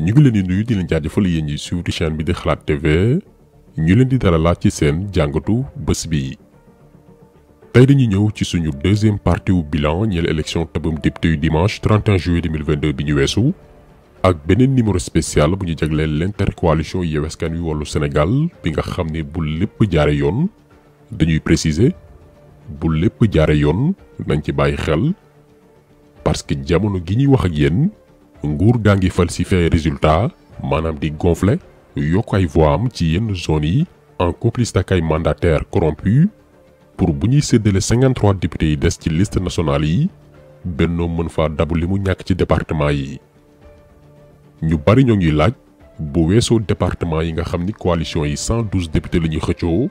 ñu ngi leen di nuyu di leen jaajëfal yéen ñi suivre chaîne bi di xalaat TV ñu leen di dalalaat ci seen jàngatu bés bi. tey dañuy ñëw ci suñu deuxième partie wu bilan ñeel élection tabam député yu dimanche 31 juillet 2022 bi ñu weesu. ak beneen numéro spécial bu ñu jagleel l'intercoalition Yewwi Askan Wi Wallu Sénégal bi nga xam ne bu lépp jaare yoon dañuy préciser bu lépp jaare yoon nañ ci bàyyi xel parce que jamono gi ñuy wax ak yéen ngour gangi falsifier résultat manam di gonfler yokk ay voix ci yenn zone yi en complice ak ay mandataire corrompu pour buñi ñuy 53 députés yi des ci liste nationale yi benno mën fa dabu limu ñak ci département yi ñu bari ñoo ngi laaj bu weesoo département yi nga xamni coalition yi 112 députés la ñuy xëccoo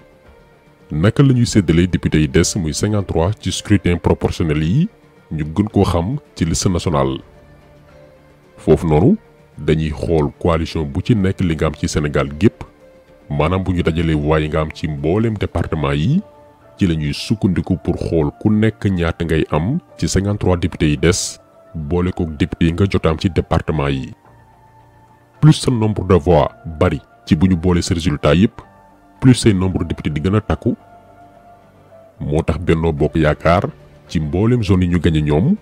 naka lañuy ñuy députés yi des muy 53 ci scrutin proportionnel yi ñu gën ko xam ci liste nationale fofu nonu dañuy xol coalition bu ci nek li nga am ci Sénégal gep manam buñu ñu way nga am ci mbollem département yi ci lañuy sukkundiku pour xol ku nek ñaat ngay am ci 53 députés yi dess bolé ko député nga jotam ci département yi plus sa nombre de voix bari ci buñu bolé boole yépp plus say nombre de députés di gëna takku motax benno bok yaakar ci mbollem zone yi ñu gagné ñom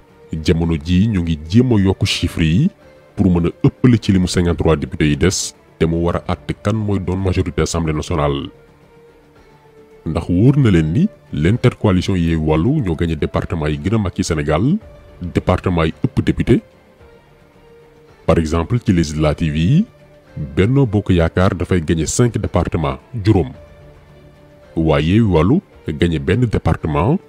jëmono jii ñu ngi jëmo a chiffre yi pour mën a ëppale ci li mu 53 députés yi des te mu war a àtte kan mooy doon majorité assemblée nationale. ndax wóor na leen ni l'intercoalition Yewwi Wàllu ñoo gagné département yi gën a mag ci Sénégal département yi ëpp député par exemple ci législative yi Benno Bokk Yaakaar dafay gagné cinq départements juróom waaye Yewwi Wàllu gagné benn département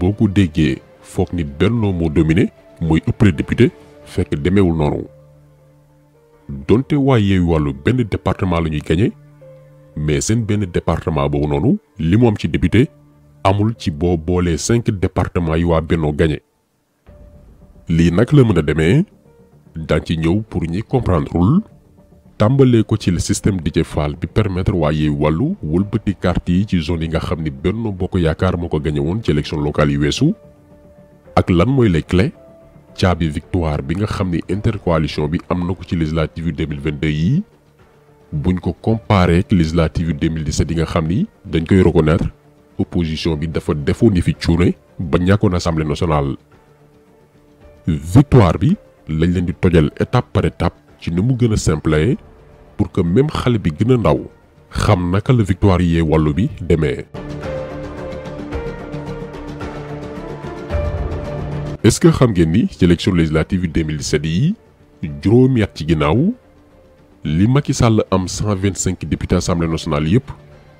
boo ko déggee foog ni Benno moo dominé mooy ëppale député fekk demewul noonu donté waa Yewwi Wàllu département la ñuy mais un un département bo nonu les ci député amul ci cinq départements yi wa benno gagné li nak la pour ñi comprendre ko ci le système Fall bi permettre walu beuti carte ci zone yi nga élection locale les clés caabi victoire bi nga xam ne intercoalition bi am na ko ci législative yu 2022 yi buñ ko comparé ak législative yu 2017 yi nga xam ni dañ koy reconnaître opposition bi dafa defoon yëfi cuune ba ñàkkoon assemblée nationale victoire bi lañ leen di tojal étape par étape ci ni mu gën a simple pour que même xale bi gën a ndaw xam naka la victoire yee wàllu bi demee est-ce que xam ci élection législative 2017 yi juróomi at ci ginaaw li Macky Sall am 125 députés assemblée nationale yépp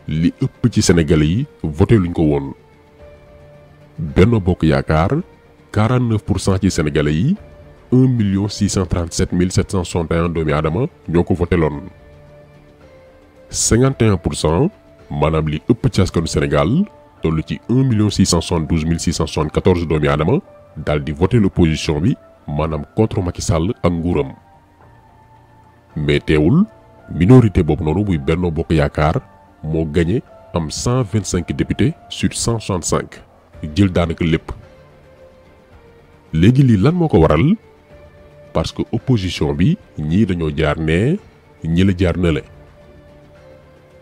li ëpp ci Sénégalais yi voté luñ ko woon. Benno Bokk Yaakaar 49 ci Sénégalais yi 1 million 637 761 doomi adama ñoo ko voté loon. 51 pour maanaam li ëpp ci askanu Sénégal toll ci 1 million 672 674 doomi adama le di de l'opposition bi suis contre Macky Sall ak mais teewul minorité de noonu muy Benno Bokk yakar mo gagné am 125 députés sur 165 jël danaka lepp légui li lan moko waral parce que opposition bi ñi dañu jaar ñi la jaar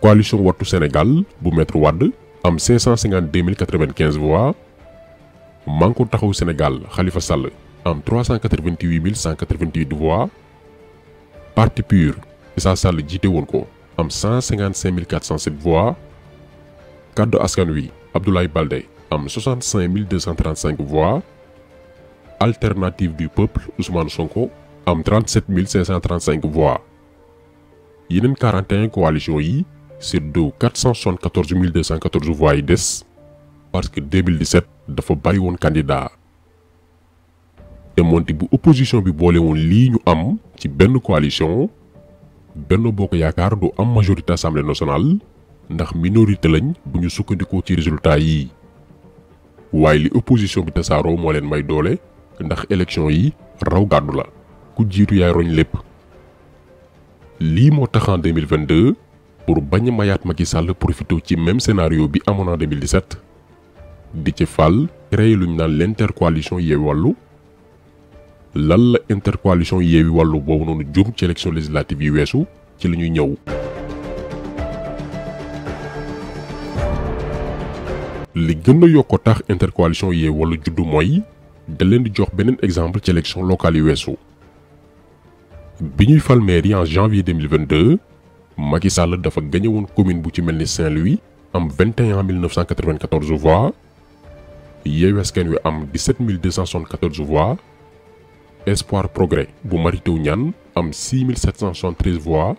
coalition Wattu Sénégal bu Maître Wad am 552 095 voix. Manko au Sénégal Khalifa Sall am 388 188 voix parti PUR Issa Sall am 155 407 voix Caddo Askanoui, Abdoulaye Balde, am 65 235 voix Alternative du Peuple Ousmane Sonko am 37 535 voix yeneen 41 coalitions yi sur 474 214 voix parce que 2017 dafa bari woon candidat te moonte bu opposition bi boole woon lii ñu am ci benn coalition benn bokk yaakaar du am majorité assemblée nationale ndax minorité lañ bu ñu sukkandikoo ci résultat yi waaye li opposition bi tasaaroo moo leen may doole ndax élection yi raw gàddu la ku jiitu yaay roñ lépp lii moo tax en 2022 pour bañ a mayaat Macky Sall profité ci même scénario bi amoon en 2017 Déthié fal créé l'intercoalition ñu L'intercoalition l' intercoalition été Wallu élection législative yi L'intercoalition ci de ñëw. li coalition a yokko tax intercoalition Yewwi Wallu juddu exemple ci l'élection locale yi weesu fal en janvier 2022 Macky Sall gagné une commune bu ci Saint-Louis en 21 994 voix Yewwi Askan Wi am 17274 voix Espoir Progrès bu Maritou Teuw am 6773 voix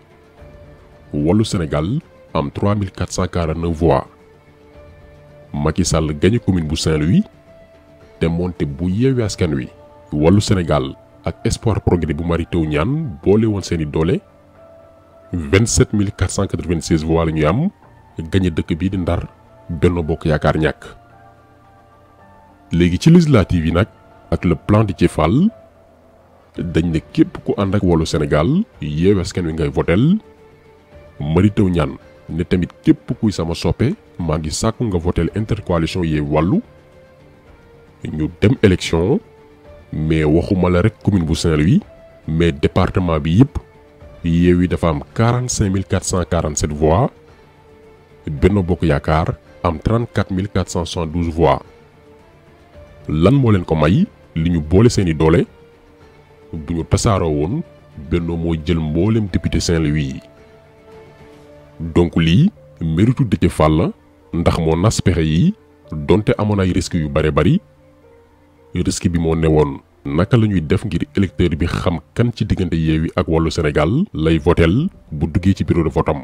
Wallu Sénégal am 3449 voix Macky Sall gagné commune bu Saint-Louis te pour bu Yewwi Askan Wi Sénégal ak Espoir Progrès bu Maritou Teuw bolé won 27496 voix la ñu am gagné dëkk bi di Ndar Bokk léegi ci législative yi nag ak le plan di Fall dañ ne képp ku and ak Wallu Sénégal Yewwi Askan Wi ngay votel Mary Teuw Niane ne tamit képp kuy sama soppé ma ngi sakku nga votel intercoalition yé walu ñu dem élection mais waxuma la rek commune bu Saint-Louis mais département bi yëpp Yewwi dafa am 45447 voix Benno Bokk Yaakaar am 34 voix lan moo leen ko may li ñu boole seeni doole bu ñu tasaaroo woon Benno moo jël mbooleem député Saint-Louis yi donc lii méritu Déthié Fall la ndax moo naspexe yi donte amoon ay risques yu bare bari risque bi moo newoon naka la ñuy def ngir électeur bi xam kan ci diggante Yewwi ak Wallu Sénégal lay votel bu duggee ci bureau de vote am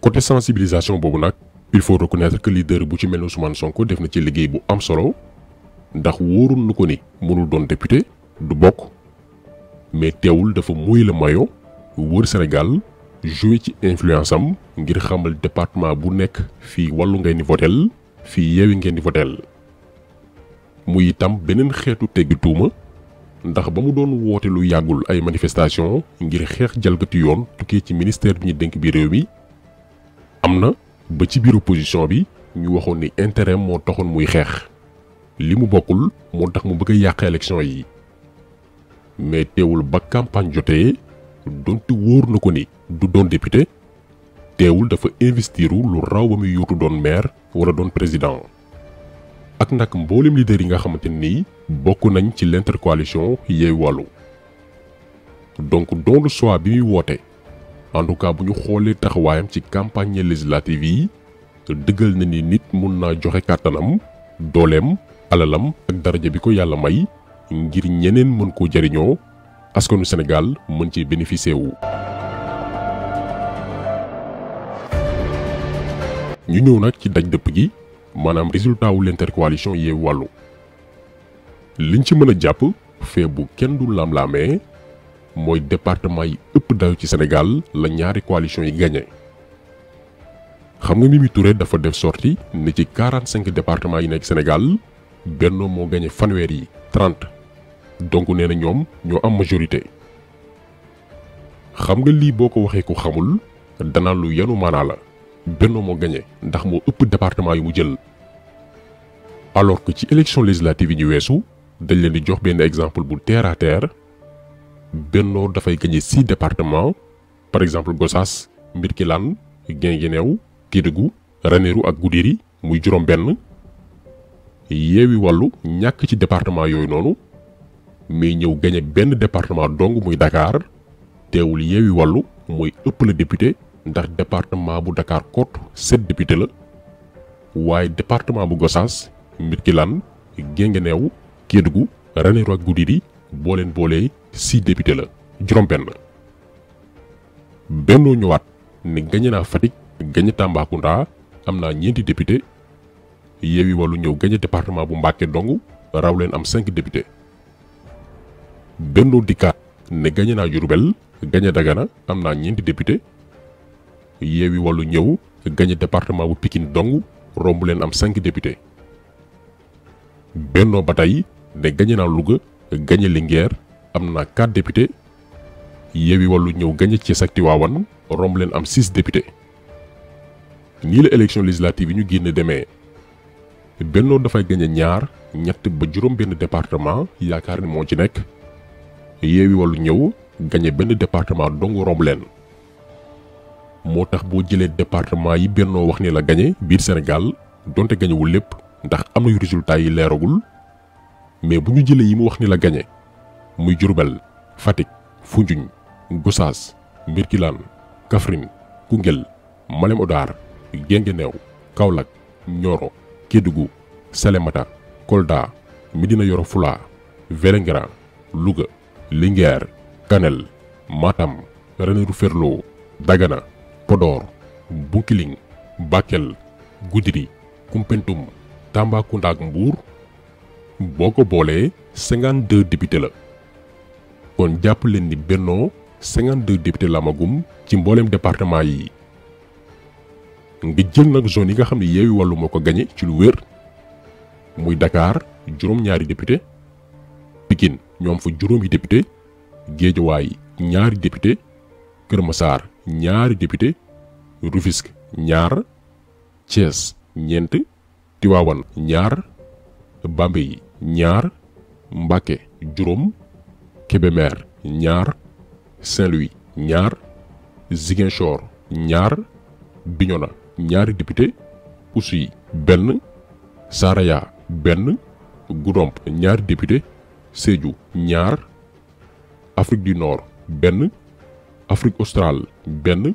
côté sensibilisation boobu nag il faut reconnaître que leader bu ci mel Ousmane Sonko def na ci liguey bu am solo ndax wóorul nuko ni mënul don député du bokk mais téwul dafa muy le mayo wër Sénégal jouer ci influence am ngir xamal département bu nek fi walu ngay ni votel fi yeewi ngeen ni votel muy tam benen xétu teggi tuuma ndax ba mu doon woote lu yagul ay manifestation ngir xex jalgati yoon tuké ci ministère bi ñu denk bi réew mi am ba ci biir opposition bi ñu waxoon ni intérêt moo taxoon muy xeex li mu bokkul moo tax mu bëgg a yàq élection yi mais teewul ba campagne jotee donte wóor na ko ni du doon député teewul dafa investiru lu raw ba muy yuutu doon maire wala doon président ak nag mboolem leader yi nga xamante ni bokk nañ ci l'intercoalition Yewwi Wallu donc doon lu choix bi muy woote en tout cas bu ñu xoolee taxawaayam ci campagne législative yi dëggal na ni nit mun naa joxe kàttanam dooleem alalam ak daraja bi ko yàlla may ngir ñeneen mën koo jariñoo askanu Sénégal mën ci bénéficier wu. ñu ñëw nag ci daj dëpp gi maanaam résultat wu l'intercoalition yee wàllu liñ ci mën a jàpp fee bu kenn du laam-laamee. mooy département yi ëpp dayo ci Sénégal la ñaari coalition yi gagné. xam nga Mimi Touré dafa def sorti ne ci 45 départements yi nekk Sénégal Benno moo gagné fanweer yi 30 donc nee na ñoom ñoo am majorité. xam nga lii boo ko waxee ko xamul danaa lu yanu maanaa la moo gagné ndax moo ëpp département yi mu jël. alors ko ci élection législative yi ñu weesu dañ leen di jox benn exemple bu terre à Benno dafay gagné six départements par exemple Gossas Mbirkilaan Guinguinéo Kédougou Ranérou ak Goudiri muy juróom benn Yewwi Wallu ñàkk ci département yooyu noonu mais ñëw gagné benn département dong muy dakaar teewul Yewwi Wallu mooy ëpp la député ndax département bu Dakar Côte sept député la waaye département bu Gossas Mbirkilaan Guinguinéo Kédougou Ranérou ak Goudiri boo leen boolee six député la juróom-benn bennoo ñëwaat ne gañe naa Fatick gañe Tambacounda am naa ñeenti député yi Wallu ñëw gañe département bu Mbàkke dong raw leen am cinq député bennoo dikkaat ne gañe naa Jurbel gañe Dagana am naa ñeenti député Yewwi Wallu ñëw gañe département bu Pikine dong romb leen am cinq député bennoo ba tey ne gañe naa Louga gañe Linguère Amna 4 députés yewi walu ñew gagné ci sakti wawan romb leen am 6 députés ni le élection législative ñu guéné démé benno da fay gagné ñaar ñett ba juroom benn département yaakar ni mo ci nek yewi walu ñew gagné benn département dong romb leen motax bo jëlé département yi benno wax ni la gagné biir sénégal donte wu lepp ndax amna yu résultat yi léragul mais buñu jëlé yi mu wax ni la gañe muy Fatik, Fatick Gusas, Gossas Birkilan kafrin Kungel Malem Odar Gengenew Kaolack Nioro Kédougou Salemata Kolda Medina Yoro Fula Velengra Louga Linguère Kanel Matam René Ferlo Dagana Podor Bukiling, Bakel Goudiri Kumpentum Tambacounda ak Mbour boko bolé 52 députés kon japp len ni benno 52 député lamagum ci mbollem département yi ngi jël nak zone yi nga xamni yewi walu moko gagné ci lu wër muy Dakar juroom ñaari député Pikine ñoom fa yi député Géejawaay ñaari député Kër Massar ñaari député Rufisque ñaar Thiès ñent tiwawan ñaar Bambey ñaar Mbacké juroom Kebemer, Nyar, Saint-Louis Nyar, Ziguinchor Nyar, Bignona Nyar député Poussi Ben, Saraya Ben, Gouromp, Nyar député seju, Nyar, Afrique du Nord Ben, Afrique australe Ben,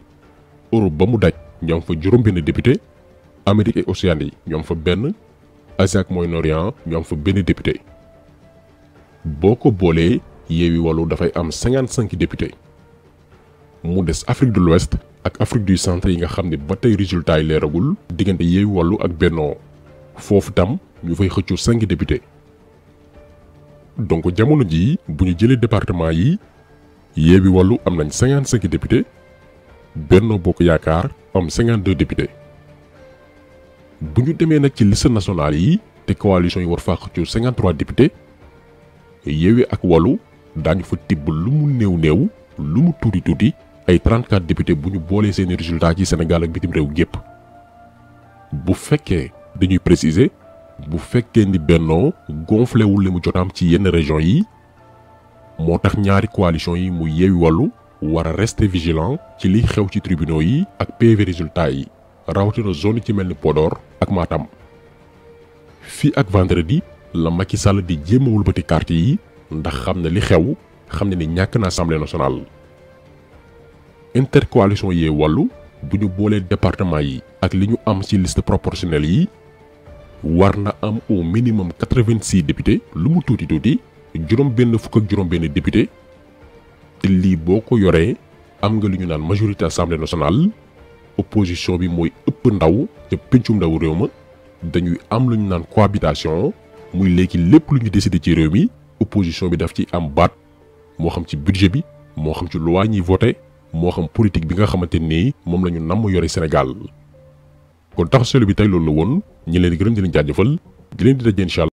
Europe ba mu daj député Amérique et Océanie yi fa Moyen-Orient fa Ben député Boko Yewwi Wallu dafay am 55 députés mu des Afrique de l'Ouest ak Afrique du centre yi nga xam ne ba tey résultat yi leeragul diggante Yewwi Wallu ak Bennoo foofu itam ñu fay xëccu 5 députés donc jamono ji bu ñu jëlee département yi Yewwi Wallu am nañ 55 députés Bennoo Bokk Yaakaar am 52 députés bu ñu demee nag ci liste nationale yi te coalition yi war faa xëccu 53 députés Yewwi ak Wallu daañu fa tibb lu mu new new lu mu tuuti tuuti ay 34 députés buñu bolé boolee résultats ci Sénégal ak bitim rew gépp bu féké dañuy préciser bu féké ni benno gonflé wul li mu jotaam ci yenn région yi motax ñaari coalition yi mu yewi walu wara rester vigilant ci li xew ci tribunaux yi ak PV résultats yi rawatina zone ci mel Podor ak Matam fi ak vendredi la Macky Sall di jéem a quartier yi ndax xam na li xew xam na ni ñàkk na assemblée nationale intercoalition yee wàllu bu ñu boolee département yi ak li ñu am ci liste proportionnelle yi war am au minimum 86 députés lu mu tuuti tuuti juróom benn fukk ak juróom benn député te lii boo ko am nga li ñu naan majorité assemblée nationale opposition bi mooy ëpp ndaw ca pencum ndaw réew ma dañuy am lu ñu naan cohabitation muy léegi lépp lu ñu décidé ci réew mi opposition bi daf ci am baat moo xam ci budget bi moo xam ci loi ñuy voté moo xam politique bi nga xamante nii moom la ñu namm yore Sénégal kon tax solo bi tey loolu la woon ñi leen di gërëm di leen jaajëfal di leen di daje incha allah